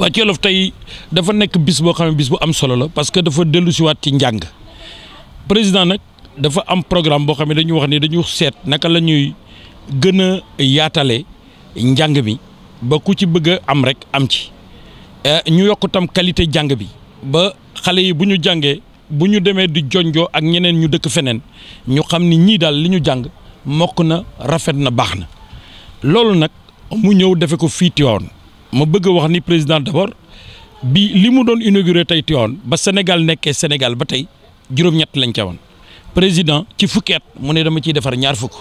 waa Thiel of tey dafa nekk bis boo xam ne bis bu am solo la parce que dafa dellu siwaat ci njàng président nag dafa am programme boo xam ne dañu wax ni dañu seet naka la ñuy gën a yaatale njàng mi ba ku ci bëgg a am rek am ci eh, ñu yokk qualité jàng bi ba xale yi bu ñu jàngee bu ñu demee di jonjoo ak ñeneen ñu dëkk feneen ñu xam ni ñii daal li ñu jàng mokk na rafet na baax na loolu nag mu ñëw defe ko fii Tivaouane ma bëgg wax ni président d'abord bi li mu doon inauguré tey Tivaouane ba Sénégal nekkee Sénégal ba tey juróom-ñett lañ ca woon président ci fukki at mu ne dama ciy defar ñaar fukk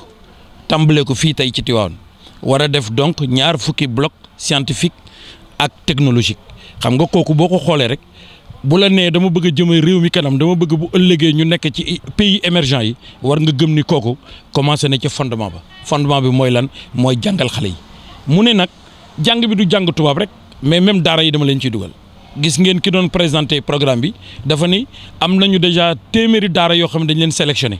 tàmbale ko fii tey ci Tivaouane war a def donc ñaar fukki bloc scientifique ak technologique xam nga kooku boo ko xoolee rek bu la nee dama bëgg a jëmee réew mi kanam dama bëgg bu ëllëgee ñu nekk ci pays émergents yi war nga gëm ni kooku commencé na ci fondement ba fondement bi mooy lan mooy jàngal xale nag jàng bi du jàng tubaab rek mais même daara yi dama leen ciy dugal gis ngeen ki doon présenté programme bi dafa ni am nañu déjà téeméeri daara yoo xam ne dañ leen sélectionné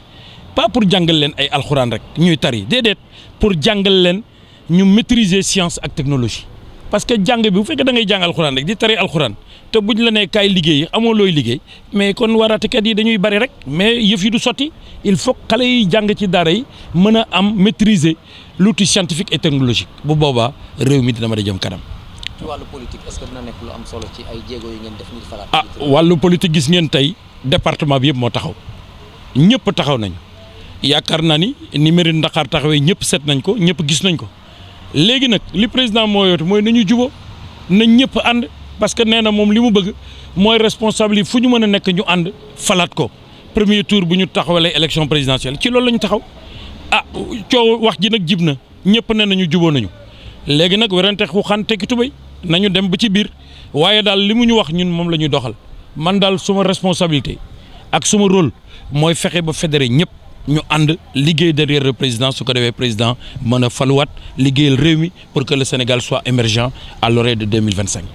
pas pour jàngal leen ay alxuraan rek ñuy tari déedéet pour jàngal leen ñu maîtriser science ak technologie parce que jàng bi bu fekkee da ngay jàng alxuraan rek di tari alxuraan te buñ la nee kaay liggéey amoo looy liggéey mais kon waraatekat yi dañuy bari rek mais yëf yi du sotti il faut xale yi jàng ci daara yi mën a am maîtriser l'outil scientifique et technologique bu boobaa réew mi dina mën a jëm kanam. ci wàllu nekk lu am solo ci jéego yu ngeen def ngir falaat. ah wàllu politique gis ngeen tey département bi yëpp moo taxaw ñëpp taxaw nañ yaakaar naa ni ni ndaxaar Ndakaar taxawee ñëpp seet nañ ko ñëpp gis nañ ko. léegi nag li président moo yootu mooy nañu jubóo nañ ñëpp ànd parce que nee na moom li mu bëgg mooy responsable fu ñu mën a nekk ñu ànd falaat ko premier tour bu ñu taxawalee élection présidentielle ci loolu lañu taxaw ah coow wax ji nag jib na ñëpp nee nañu jubóo nañu léegi nag werante xuxaan tekki tubéy nañu dem ba ci biir waaye daal li mu ñu wax ñun moom la ñuy doxal man daal suma responsabilité ak suma rôle mooy fexe ba fédéré ñëpp. ñu ànd liggéey derrière le président su ko defee président mën a faluwaat liggéeyal réew mi pour que le Sénégal soit émergent à l'horizon de mille vingt cinq